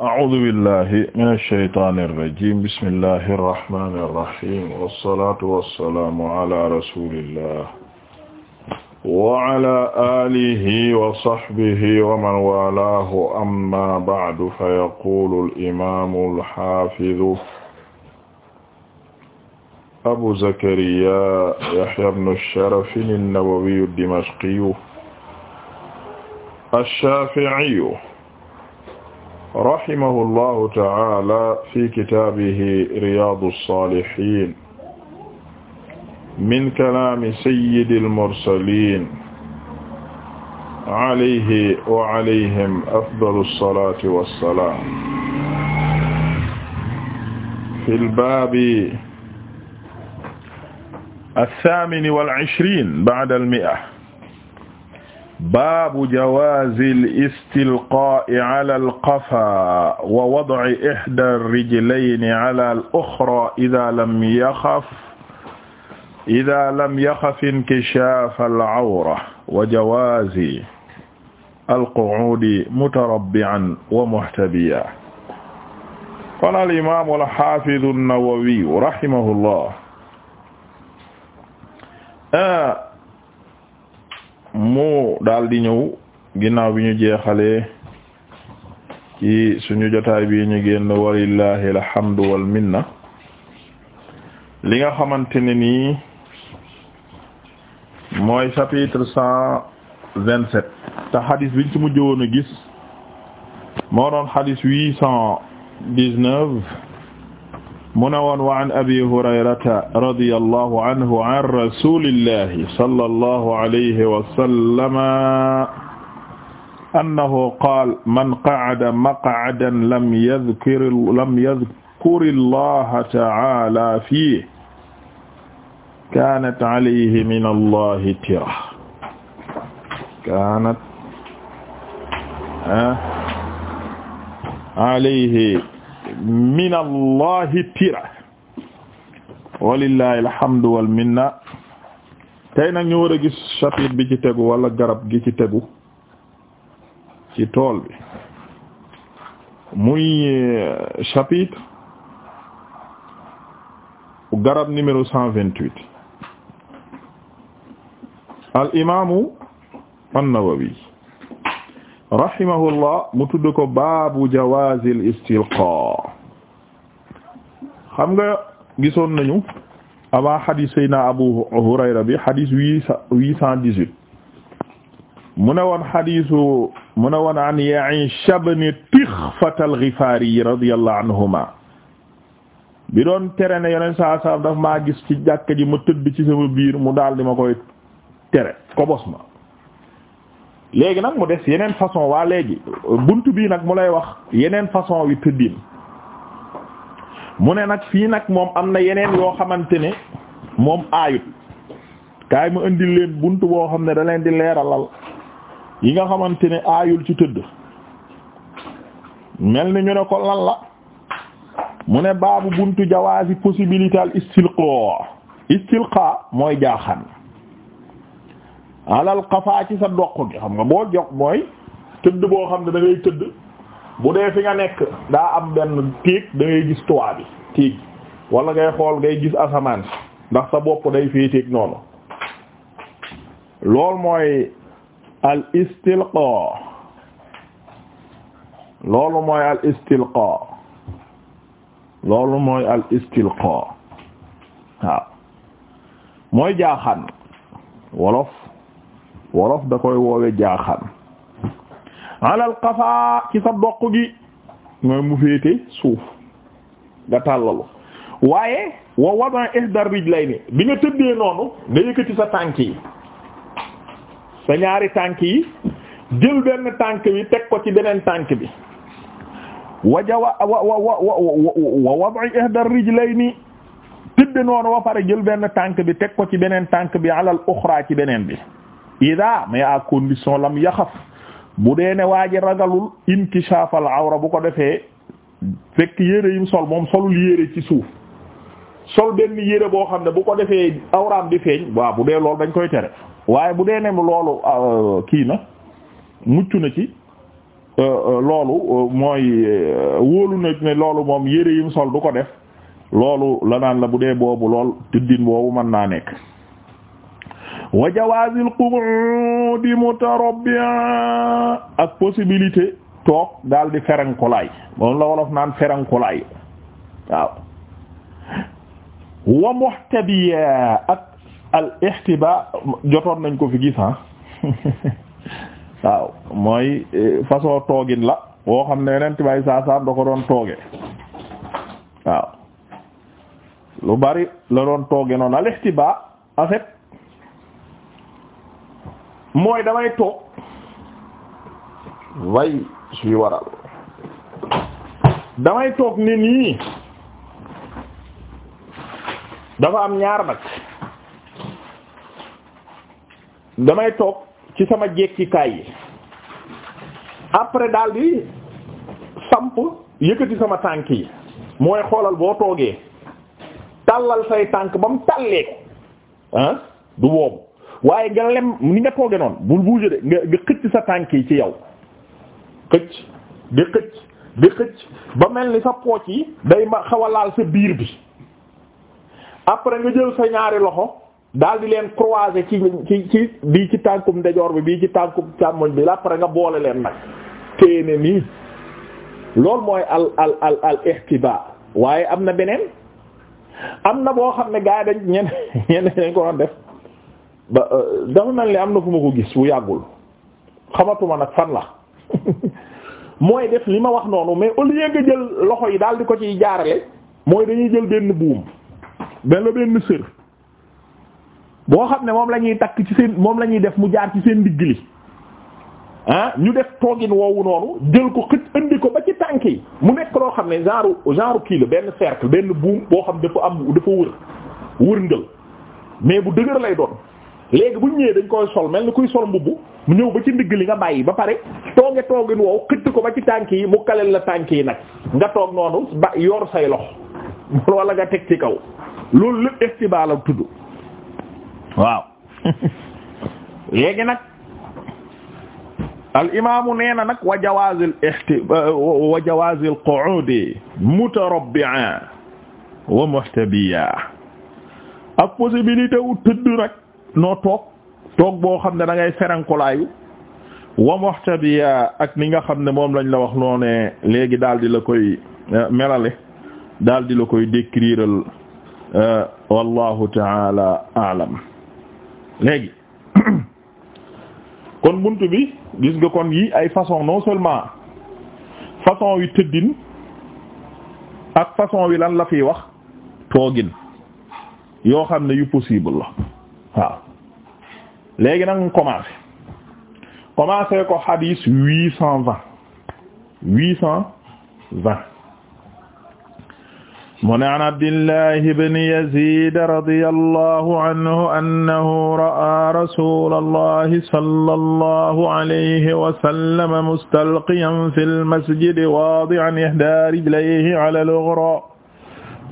أعوذ بالله من الشيطان الرجيم بسم الله الرحمن الرحيم والصلاة والسلام على رسول الله وعلى آله وصحبه ومن والاه أما بعد فيقول الإمام الحافظ أبو زكريا يحيى بن الشرف النووي الدمشقي الشافعي rahimahullahu ta'ala fi kitaabihi Riyâdous-Sâlihîne min kalaami sayyidil mursaliin alayhi wa alayhim afdalu salaati wa salaam fil baabi as-saamini wal ishriin ba'dal mi'a baabu jawaazil istilqaa'i alal qafaa wa wad'i ihdaa rijlayni alal uxraa idaa lam yaxaf idaa lam yaxaf inkishaafal awra wa jawaazi alqu'uudi mutarabbi'an wa muhtabiyan. qaala al-imaamu al-haafidu an-nawawiyu rahimahullah. mu daal di ñëw ginnaaw bi ñu jeexalee ki suñu jotaay bi ñu génn walillahi alhamdu wal minna li nga xamante ne nii mooy chapitre cent vingt sept te xadis biñ ci mujj woon a gis moo doon xadis huit cent dix neuf mu ne woon wa an abi hurayrata radiyallahu anhu an rasulillahi sallallahu alayhi wa sallama annahu qaala man qa'ada maq'adan lam yadhkir lam yadhkuri allaha ta'ala fiihi kaanat alayhi min allahi tira kaanat ah, alayhi minallahi tira walillahi alhamdu wal minna tey nag ñu war a gis chapitre bi ci tegu wala garab gi ci tegu ci tool bi muy euh, chapitre garab numéro cent vingt-huit al imaamu an-Nawawi rahimahullah mu tudd ko baabu jawaazil istilqa xam nga gisoon nañu avant hadis sayna Abu Hurayra bi hadis huit cent dix-huit mu ne woon hadisu mu ne woon an Ya'ish ibn Tixfat al-Ghifari anhuma bi doon tere ne yoneen saa saa maa gis ci jàkka ji ma tëdd ci sama biir mu daal di ma koy tere kobos ma léegi nag mu des yeneen façon waa léegi bunt bii nag mu lay wax yeneen façon yu tëddin mu ne nag fii nag moom am na yeneen yoo xamante ne moom aayut kaay mu indi leen bunt boo xam ne daleen leen di leeralal yi nga xamante ne aayul ci tëdd mel ni ñu ne ko lan la mu ne baabu buntu jawaazi possibilité al istilqa istilqa mooy jaaxaan alal xafaa ci sa doq gi xam nga boo jox mooy tëdd boo xam ne da ngay tëdd bu dee fi nga nekk daa am benn tiig da ngay gis toit bi tiig wala ngay xool ngay gis asamaan si ndax sa bopp day féeteeg noonu loolu mooy al istilqa loolu mooy al waaw mooy jaaxaan wolof wolof da koy woowe jaaxaan alal qafaa ci sa doq gi mooy mu féete suuf nga tàllalu waaye wa wada ihdar rijlayni bi nga tëddee noonu nga yëkkati sa tànk yi sa ñaari tànk yi jël benn tànk bi teg ko ci beneen tànk bi waja wa wa wa wa wada ihdar rijlayni tëdde noonu ba pare jël benn tànk bi teg ko ci beneen tànk bi alal uxra ci beneen bi ida mais à condition lam yaxaf bu dee ne waa ji ragalul inkishafal awra bu ko defee fekk yére yim sol moom solul yére ci suuf sol benn yére boo xam ne bu ko defee awraam di feeñ waa bu dee loolu dañ koy tere waaye bu dee ne loolu euh, kii na mucc na ci euh, euh, loolu mooy wóolu na ne loolu moom yére yim sol du ko def loolu la naan la bu dee boobu lool tëddin boobu mën naa nekk wa jawaazil qu'uudi mutarabbi'an ak possibilité toog daal di ferenkolaay moom la wolof naan ferenkolaay waaw wa muhtabiya ak al ihtiba jotoon nañ ko fi gis ah waaw mooy e, façon toogin la woxam xam ne yeneen tibaay saasaan da ko doon tooge waaw lu bari la doon tooge noonu al ihtiba en fait mooy damay toog way suy waral damay toog ne nii dafa am ñaar nag damay toog ci sama jekkikaay yi après daal di samp yëkkati sama tànk yi mooy xoolal boo toogee tàllal say tànk ba mu tàllee ah du boobu waaye nga lem ni nga tooge noonu bul bouger de nga nga xëcc sa tànk yi ci yow xëcc di xëcc di xëcc ba mel ni sa pooc yi day ma xaw a laal sa biir bi après nga jël sa ñaari loxo daal di leen croiser ci bii ci tànkum ndejoor bi bii ci tànkum càmmoñ bi après nga boole leen nag téye nii loolu mooy al al al al ihtiba waaye am na beneen am na boo xam ne gars yi dañ ñen ñen dañ ko doon def ba euh, dafa mel ni am na fu ma ko gis bu yàggul xamatuma nag fan la mooy def li ma wax noonu mais au lieu nga jël loxo yi daal di ko ciy jaarale mooy dañuy jël benn buum benn benn sër boo xam ne moom lañuy takk ci seen moom la ñuy def mu jaar ci seen digg li ah ñu def toogin woowu noonu jël ko xëj indi ko ba ci tànk yi mu nekk loo xam ne genre genre kii la benn cercle benn buum boo xam dafa am dafa wër wërngël mais bu dëgër lay doon. léegi bu ñëwee dañ koy sol mel ni kuy sol mbubb mu ñëw ba ci ndigg li nga bàyyi ba pare tooge toogin wow xëtt ko ba ci tànk yi mu kaleel la tànk yi nag nga toog noonu ba yor say loxo wala nga teg ci kaw loolu lépp istibaa la tudd waaw léegi nag al imaamu nee na nag wa jawaazil isti wa jawaazil qu'uudi mutarabbi'an ak possibilité wu nag noo toog toog boo xam ne dangay ngay ferankolaayu wam waxta bi ak ni nga xam ne moom lañ la wax noone léegi daal di la koy eh, melale daal di la koy décrire eh, wallahu taala alam léegi kon buntu bi gis nga kon yi ay façon non seulement façon wi tëddin ak façon wi lan la fiy wax toogin yoo xam ne yu possible la waaw léegi nag mu commencé commencé ko xadis huit cent vingt huit cent vingt mu ne an abdillahi bni yazid radiyallahu anhu annahu ra'a rasulallahi sallallahu alayhi wa sallam mustalqiyan fil masjid waadi'an ihdaa rijlayhi ala al-ughra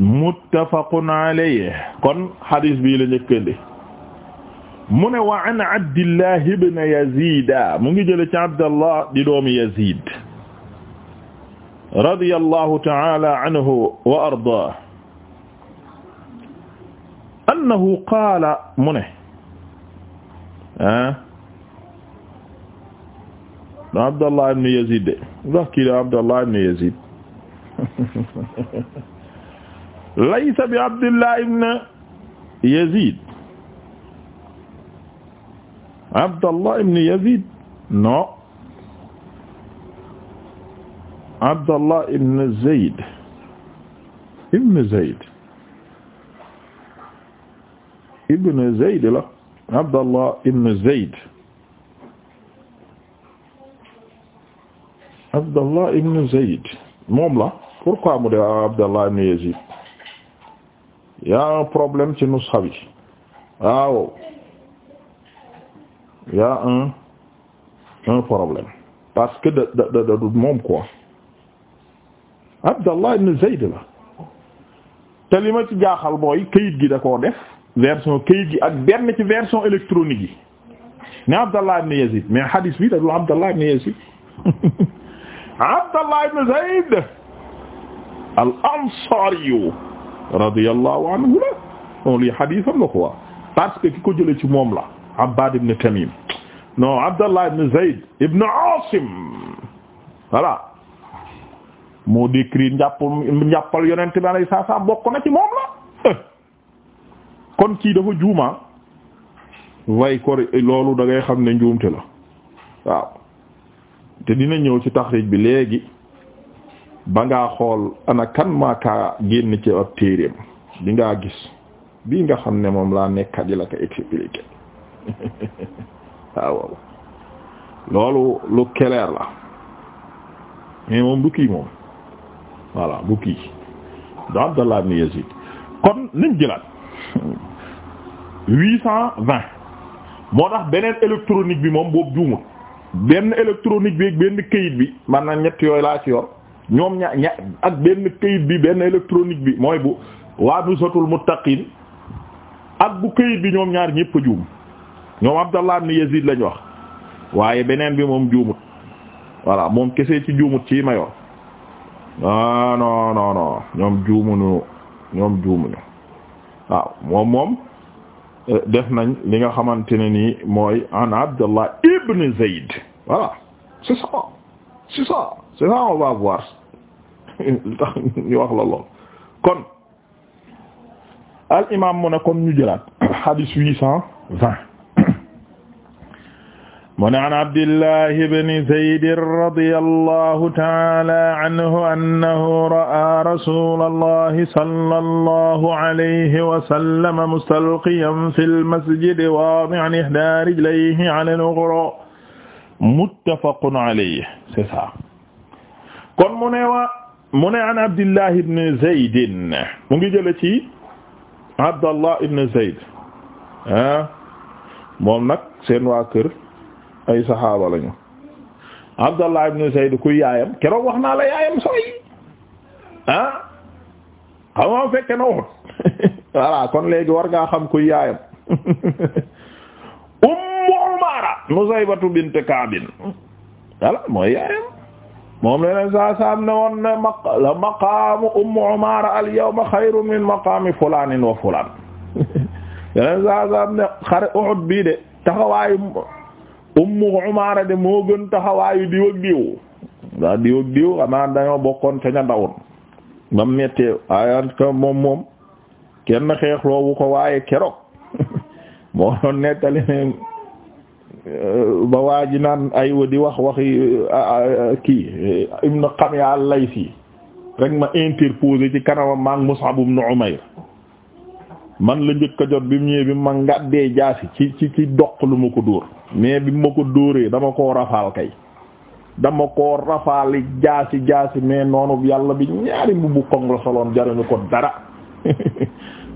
muttafaqun alayhi kon xadis bii la njëkkandi mu ne wa an abdillah ibn yazida mu ngi jële ci abdallah di doomi yazid radiyallahu ta'ala anhu wa ardaah annahu qaala mu ne ah da abdallah ibn yazid de ndax kii da abdallah ibn yazid laysa bi abdillah ibn yazid Abdallah ibn Yazid non Abdallah ibn Zayd ibn Zayd ibn Zayd la Abdallah ibn Zayd Abdallah ibn Zayd moom la pourquoi mu de Abdallah ibn Yazid y a un problème ci nusxa bi waaw y un un problème parce que da da da du moom quoi Abdallah ibn Zayd la te li ma ci jaaxal mooy kayit gi da koo def version kayit gi ak benn ci version électronique yi ne Abdallah ibn Yazid mais hadis bi da dul Abdallah ibn Yazid al-Ansari radiyallahu li hadisam la quoi parce que ki ko jële ci moom la Abbad ibn Tamim non Abdallah ibn Zayd ibn Asim voilà moo décrit njàpp njàppal yonent bi alayhi salaam bokk na ci moom la eh. kon kii dafa juuma way kor loolu da ngay xam ne njuumte la waaw te dina ñëw ci taxrij bi léegi ba nga xool ana kan maa kaa génn ci ab téereem di ngaa gis bi nga xam ne moom laa nekkat yi la ko Ah, waaw loolu lu keleer la mais moom du kii moom voilà du kii du Abdallah ibn Yazid kon nañ jëlaat huit cent vingt moo tax beneen électronique bi moom boobu juumut benn électronique bi ak benn kayit bi man na ñett yooyu laa ci yor ñoom ña ña ak benn kayit bi benn électronique bi mooy bu waadusatul muttaqin ak bu këyit bi ñoom ñaar ñépp a juum ñoom Abdallah ibn Yazid lañ wax waaye beneen bi moom juumut voilà moom kese ci juumut ci mayor non non non non ñoom juumuñu ñoom juumuñu waaw moom moom euh, def nañ li nga xamante ne nii mooy an Abdallah ibn Zayd voilà c'est ça c'est ça c'est ça on va voir lu tax ñu wax la lool kon al imam mu ne kon ñu jëlaat hadith huit cent vingt mu ne an abdillahi bni zaydin radi allahu taala aanhu annahu ra'aa rasula allahi sala allahu alayhi wasallama mustalqiyan fi lmasjidi waadi'an ihdaa rijlayhi ala al-uxraa muttafaqun alayhi c'est ça kon mu ne wa mu ne an abdillahi bni zaydin mu ngi jële ci abdallah ibn zayd ah moom nag seen waa kër ay saxaaba lañu Abdallah ibn Zayd kuy yaayam keroog wax naa la yaayam sooy ah xam nga fekke na woon voilà kon léegi war ngaa xam kuy yaayam Ummu Umaara mooy yaayam moom la leen ne woon ne maq la maqaamu Ummu Umaara al-yawma min maqaami fulaanin wa fulaan yeneen saa ne xare Uhud bii de taxawaayu ummu umaara de moo gën taxawaayu diw ak diw daa diw ak diw xanaa dañoo bokkoon ca ndawoon ba mu ayaan ka moom moom kenn xeexloowu ko waaye keroog moo doon nettali ne euh, ba waa ji naan aywa di wax waxi kii ibnu Qamiya laysi rek ma interposé ci kanamam maak Mus'ab ibn Umayr man la njëkk a jot bi mu ñëwee bi ma ngàddee jaasi ci ci ci doq lu ma ko dóor mais bi ma ko dóoree dama koo rafaal kay dama koo rafaali jaasi jaasi mais noonu yàlla bi ñaari mbubu koŋ la soloon jariñu ko dara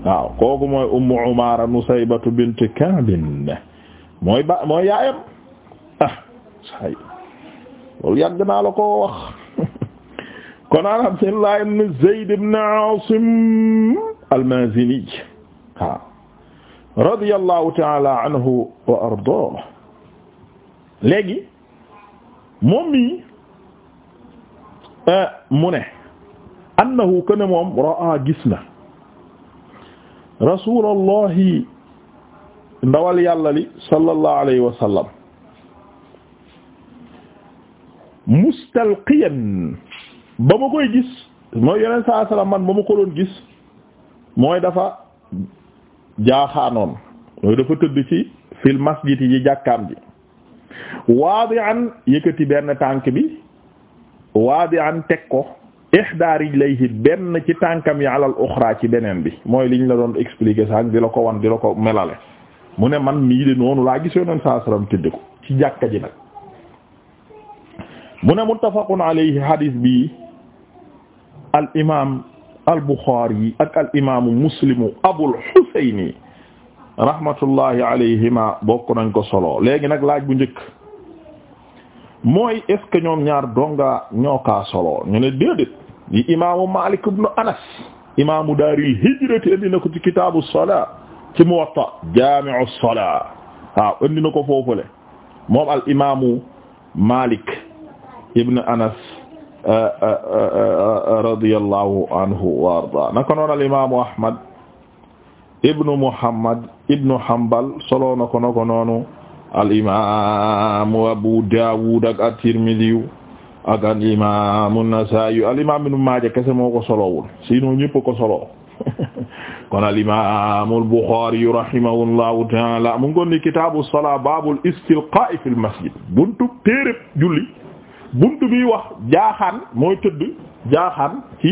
waaw kooku mooy ummu umaara nusaybatu bint Ka'b mooy ba mooy yaayam ah yàgg naa la koo wax kon an Abdullah ibn Zayd ibn Asim al radiyallahu taala anhu wa ardaah léegi moom mii euh, mu ne annahu kana moom raa gis na rasulallahi ndawal yàlla li sallallahu alayhi wa sallam mustalqiyan ba ma koy gis mooy yeneen saa salaam man ba ma ko doon gis mooy dafa jaaxaanoon mooy dafa tëdd ci fil masjid yi jàkkaam ji waadi'an yëkkati benn tànk bi waadi'an teg ko ihda rijlayhi benn ci tànkam yi alal uxra ci beneen bi mooy liñ la doon expliquer sax di la ko wan di la ko melale mu ne man mii de noonu laa gis yoneen saa salaam tëdd ko ci jàkka ji nag mu ne muttafaqun alayhi hadith bi al imaam al Bukhari ak al imaamu muslimu Abul Husayni rahmatullahi alayhima bokk nañ ko solo léegi nag laaj bu njëkk mooy est ce que ñoom ñaar donga ñoo kaa solo ñu ne déedéet imaamu Malik ibn Anas imaamu daaril hijrati indi ko ci kitaabu salaa ci Muwatta jaami'u salaa waaw indi na ko foofule moom al imaamu Malik ibn Anas. radiyallahu anhu wa arda naka noon al imaamu ahmad ibnu muhammad ibnu hanbal solo na ko na ko noonu al imaamu abu daawud ak at-tirmidhi ak al imaamu an-nasaa'i al imaamu ibnu maaja kese moo ko solowul sinon ñëpp ko solo kon al imaamu al-buxaari rahimahullahu ta'ala mu ngi ko ni kitaabu as-salaa baabul istilqaa'i fil masjid buntu téereb julli bunt bi wax jaaxaan mooy tëdd jaaxaan ci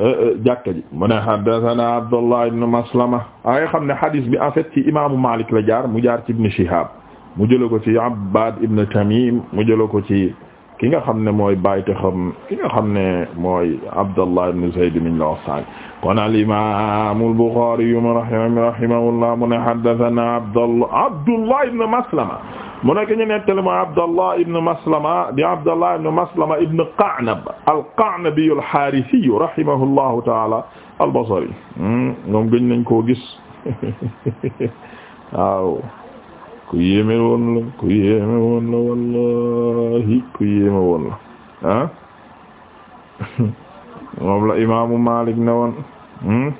euh, euh, jàkka ji mu ne haddathana abdullah ibn maslama ay xam ne hadis bi en fait malik la jaar mu jaar ci ibn shihab mu jëla ko ci abbad ibn tamim mu jëla ko ci ki nga xam ne mooy bàyte xam ki nga xam ne mooy abdullah ibn zayd min la kon al imam al bukhari rahimahullah mu ne haddathana abdullah abdullah maslama mu nekk ñu nettali ma Abdallah ibn Maslama di Abdallah ibn Maslama ibn Qa'nab al-Qa'nabi al-Harisi rahimahullahu ta'ala al-Basri moom hmm, gëj nañ koo gis waaw ku yéeme woon la ku yéeme woon la wallahi ku yéeme woon la ah moom la imaamu Malik ne woon hmm?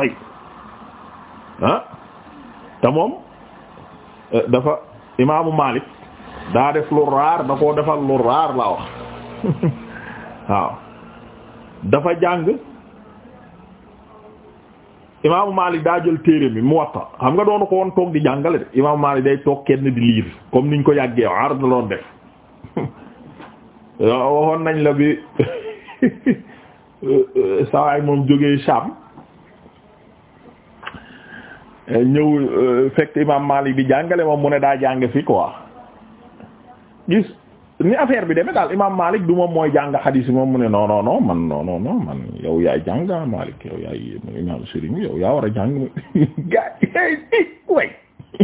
ay ah te moom Euh, dafa imaamu Malik daa def lu raar da koo defal lu raar laa wax waaw dafa jàng imaamu Malik daa jël téere mi Muwatta xam nga doonu ko woon toog di jàngale de imaamu Malik day toog kenn di liir comme niñ ko yàggee aar da doon def waxoon nañ la bi euh, euh, sawaay moom jógee Sham ñëw euh, fekk imam Malik di jàngale moom mu ne daa jàng fii quoi gis ni affaire bi demee daal imam Malik du moom mooy mu ne non non non a jàng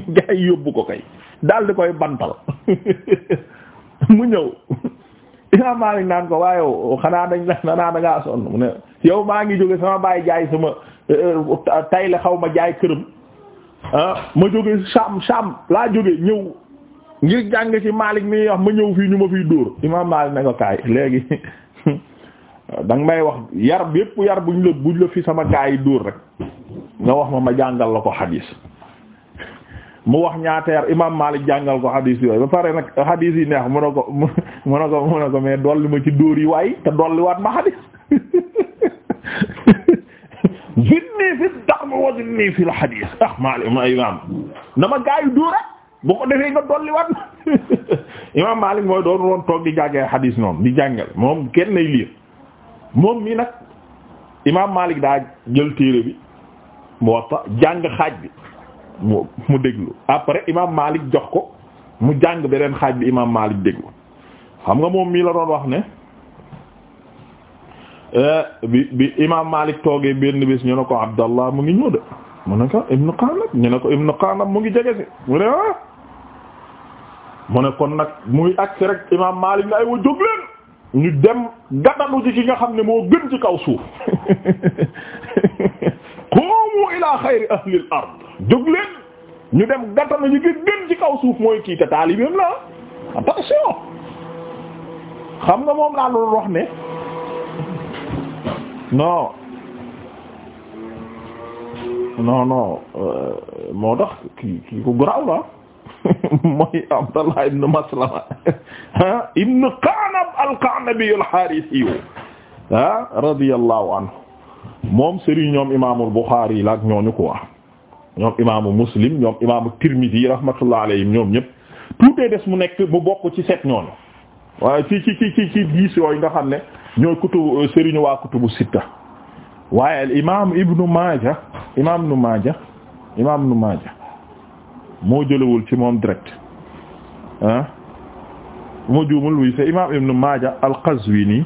gaa ko kay daal di koy mu dañ la ne yow maa ngi jóge sama baay jaay sama euh, euh, tay la xaw ma jaay këram Ah, ma jóge Sham Sham laa jóge ñëw ngir jàng ci Malik mi wax ma ñëw fii ñu ma fiy dóor imaam Malik na ko kaay léegi danga may wax yar bépp yar buñ la buñ la fi sama gaay yi dóor rek nga wax ma ma jàngal la ko xadiis mu wax ñaata yar imaam Malik jàngal ko xadiis yooyu ba pare nag xadiis yi neex mu a ko mu ne ko mu ne ko mais dolli ma ci dóor yi waay te waat ma xadiis zidni fi daxm wa zidni fi al-hadith ah Maalik ma imaam nama gaayu dóora boo ko defee nga dolli wat imaam Maalik mooy doon woon toog di jàngee hadith noonu di jàngal moom kenn nay liir moom mii nag imaam Maalik daa jël téere bi Muwatta jàng xaaj bi mu mu déglu après imaam Maalik jox ko mu jàng beneen xaaj bi imaam Maalik déglu xam nga moom mii la doon wax ne Eh, bi bi imaam Malik toogee benn bés ñu ne ko Abdallah mu ngi ñëw de mu ne ko Ibn Qanab ñu ne ko Ibn Qanab mu ngi jege si mu ne ah. mu ne kon nag muy agsi rek imaam Malik ne ay wa jóg ñu dem gàttanu ji ki xam ne moo gën ci kaw suuf qumu ila xayri ahli ard jóg ñu dem gàttanu ji ki gën ci kaw suuf mooy kii te taalibeem la attention xam nga moom laa doon wax ne. non non non euh, moo tax kii kii ko garaaw la mooy Abdallah ibn Maslama ah, ibn Qa'nab al-Qa'nabi al-Harisi ah anhu moom sëriñ ñoom imaamul Bukhari yi la ak ñooñu quoi ñoom imaamu Muslim ñoom imaamu Tirmidhi rahmatullah alayhim ñoom ñëpp tuutee des mu nekk mu bokk ci set ñooñu waaye ci ci ci ci ci yooyu nga xam ne ñooy kutubu euh, sëriñu waa kutubu sitta waaye al imaam ibnu maaja imaam nu maaja imaam nu maaja moo jëlawul ci moom direct ah moo juumul wi c'est imaam ibnu maaja al qazwini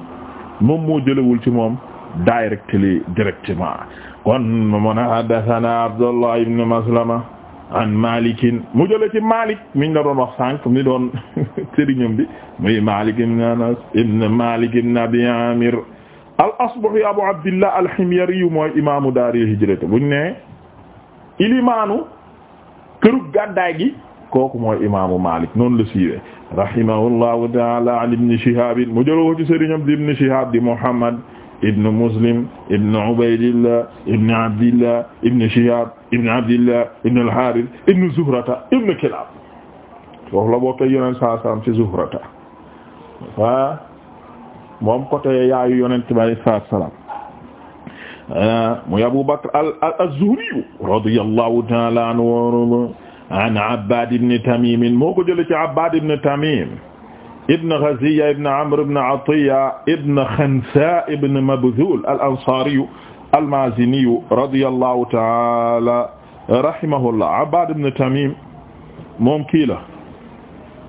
moom moo jëlawul ci moom directly directement kon mu ne haddathana abdullah ibnu maslama an malikin mu jële ci malik miñ la doon wax sànq mi doon sëriñam bi muy malik ibn anas ibn malik ibn abi amir al asbahi abu abdillah al himyari yu mooy imaamu daari hijrati buñ ne ilimaanu këru gàddaay gi kooku mooy imaamu malik noonu la siiwee rahimahullahu taala an ibn shihab mu jëloo ci sëriñam di ibn shihab di muhammad ibnu Muslim ibnu Ubaydillah ibnu Abdillah ibnu Shihab ibnu Abdillah ibnu al-Harith ibnu Zuhrata ibnu Kilab foofu la bokkee Yonent saa saam ci Zuhrata wa moom côté yaayu Yonent bi saa salaam muy Abu Bakr az-Zuhri radiyallahu ta'ala anhu an Abbad ibn Tamim moo ko jëlee ci Abbad ibn Tamim ibn Ghaziya ibn Amr ibn Atiya ibn Khansa ibn Mabdhul al-Ansariyu al-Maziniyu radiyallahu ta'ala rahimahullah Abbad ibn Tamim moom kii la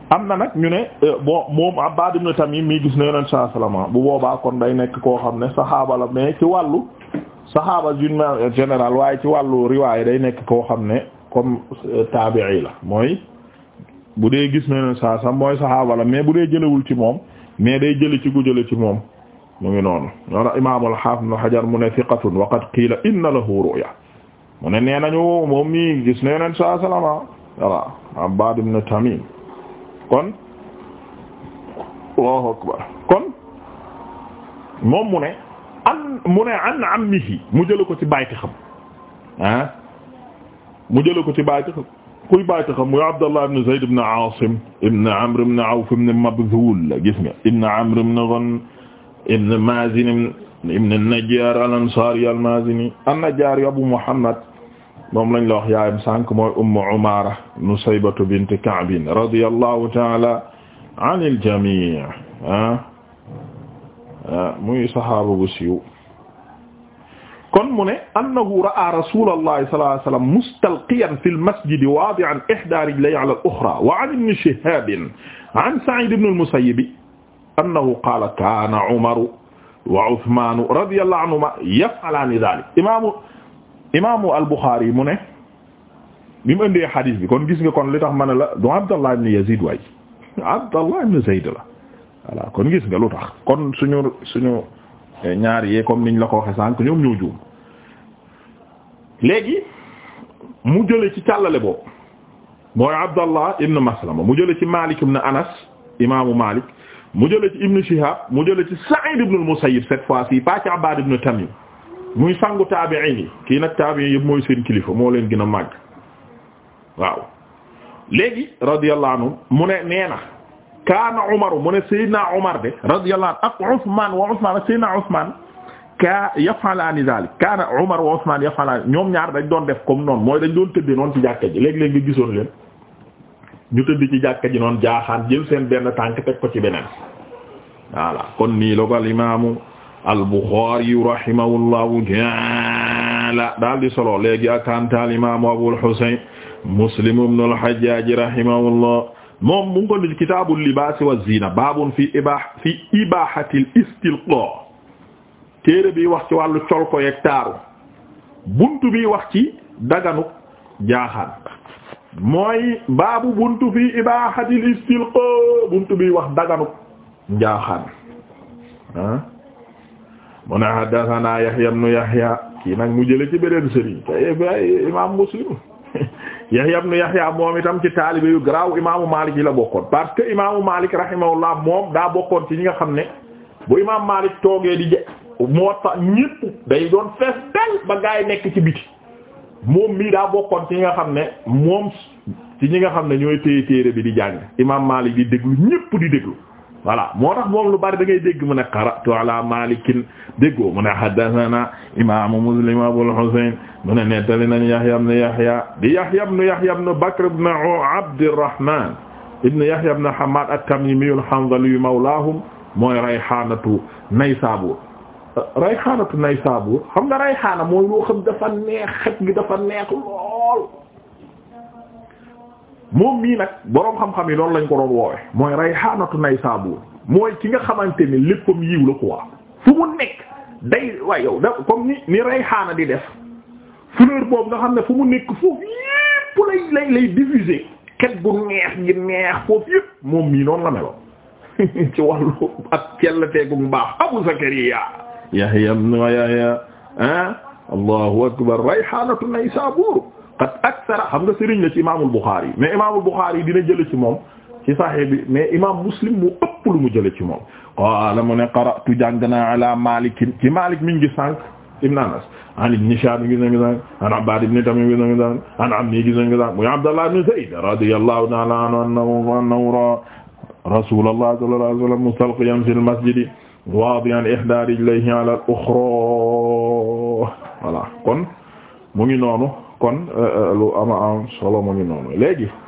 am na nag ñu ne eh, bon moom Abbad ibn Tamim mii gis na Yonent saa salaama bu boobaa kon day nekk koo xam ne saxaaba la mais ci wàllu saxaaba d'une manière générale waaye ci wàllu riwaay day nekk koo xam ne comme eh, taabi'i la mooy. bu dee gis na ne saa sa mooy saxaaba wala mais bu dee jëlewul ci moom mais day jële ci ku jële ci moom mu ngi noonu wala imaamul haafid hajar mu ne thiqatun wa qad qiila lahu ru'ya mu ne nee nañu moom mii gis na yonent saa salama ah, voilà Abbaad ibn Tamim kon Allahu akbar kon moom mu ne an mu ne an ammihi mu jële ko ci bayti xam ah mu jële ko ci bayti xam kuy bàyyi xam muy Abdallah ibn Zayd ibn Aasim ibn Amr ibn Awf ibn Mabdhul la gis nga ibn Amr ibn Ghanm ibn Mazin ibn Najjar al-Ansari al-Mazini an-Najjar Abu Muhammad moom lañ la wax yaayam sànq mooy Ummu Umaara Nusaybatu bint Ka'b radiyallahu ta'ala anil jamii' ah, ah, muy saxaaba bu siiw kon mu ne annahu ra'a rasulallahi sallallahu alayhi wa sallam mustalqiyan fi lmasjidi waadi'an ihdaa rijlayhi ala al-uxraa wa an ibni shihaabin an sa'iid ibni al-musayyibi annahu qaala kaana umaru wa usmaanu radiyallahu anhumaa yaf'alaani zaalika imaamu imaamu al-Buxaari mu ne bi mu ëndee xadiis bi kon gis nga kon li tax ma ne la du Abdallah ibn Yaziid waay Abdallah ibn Zayd la voilà kon gis nga lu tax kon suñu suñu eh, ñaar yee comme niñ la ko waxee sànq ñoom ñoo juum léegi mu jële ci càllale boobu mooy abdallah ibn maslama mu jële ci malik ibn anas imaamu malik mu jële ci ibn shihab mu jële ci sa'id ibn al-musayyib cette fois-ci pas ci abbad ibn tamim muy sangu taabi'in yi kii nag taabi'in yëpp mooy seen kilifa moo leen gën a màgg waaw léegi mu ne nee na kaana umaru mu ne sayyidina umar de radiyallahu anhu ak wa usman ak sayyidina usman ka yafalaani zalik kaana Umar wa Usman yafalaani ñoom ñaar dañ doon def comme noonu mooy dañ doon tëddee noonu ci jàkka ji léeg-léeg nga gisoon leen ñu tëdd ci jàkka ji noonu jaaxaan jël seen benn tànk teg ko ci beneen voilà kon nii la ko al imaamu al Buxaari rahimahullahu taala daal di solo léegi akanta al imaamu Abul Husayn Muslim ibn al Hajjaj rahimahullah moom mu ngi ko ci kitaabul libaas wa ziina baabun fi ibaaha fi ibaahati al istilqaa téere bi wax ci wàllu col ko yeeg taaru bi wax ci daganu jaaxaan mooy baabu buntu fi ibaahatil istilqa buntu bi wax daganu jaaxaan ah mu ne haddathana Yahya ibn Yahya kii nag mu jële ci beneen sëriñ tey imam Muslim Yahya ibn Yahya moom itam ci taalibe yu garaaw imaamu Malik yi la bokkoon parce que imaamu Malik rahimahullah moom daa bokkoon ci ñi nga xam ne bu imam Malik toogee di je Muwatta ñépp day doon fees del ba gaa nekk ci biti moom mii daa bokkoon ci nga xam ne moom ci ñi nga xam ne ñooy téye téere bi di jàng imaam Maalik di déglu ñépp di déglu voilà moo tax moom lu bari da dégg mu ne qara'tu ala malikin déggoo mu ne haddathana imaamu Muslim Abul Husayn mu ne nettali nañ Yahya ibn Yahya di Yahya ibn Yahya ibn Bakr ibn Abdirrahman ibn Yahya ibn Hammad at-Tamimi al-Hanzali mawlahum mooy Rayhanatu Naysabur rayxaanatu Naysaabuur xam nga rayxaana mooy loo xam dafa neex xet gi dafa neex lool moom mii nag boroom xam-xam yi loolu lañ ko doon woowe mooy rayxaanatu Naysaabuur mooy ki nga xamante ni léppam yiw la quoi fu mu nekk day waaye yow da comme ni ni rayxaana di def fleur boobu nga xam ne fu mu nekk foofu yépp lay lay lay diffuser xet gu neex gi neex foofu yépp moom mii noonu la meloon ci wàllu ak cell teegum baax Abu Zakariya Yahya ibn Yahya ah allahu akbar rayhanatu Naysabur qad aksara xam nga sëriñ la ci imaamul Bukhari mais imaamul Bukhari dina jël ci moom ci Sahih bi mais imaam Muslim mu ëpp lu mu jële ci moom qaala mu ne qara'tu jàng naa ala Maalik ci Maalik mi ngi sànq ibn Anas an ibn Hishaam gis nañ ko sànq an Abbaad ibn Tamiim gis nañ ko sànq an Ammi gis nañ ko sànq muy Abdallah ibn Zayd radiyallahu ta'ala anhu annahu rasulullah sallallahu alayhi wa sallam mustalqiyan fil masjid waadi'an ihdaa rijlayhi ala al-uxraa voilà kon mu ngi noonu kon euh, euh, lu ama am solo mu ngi léegi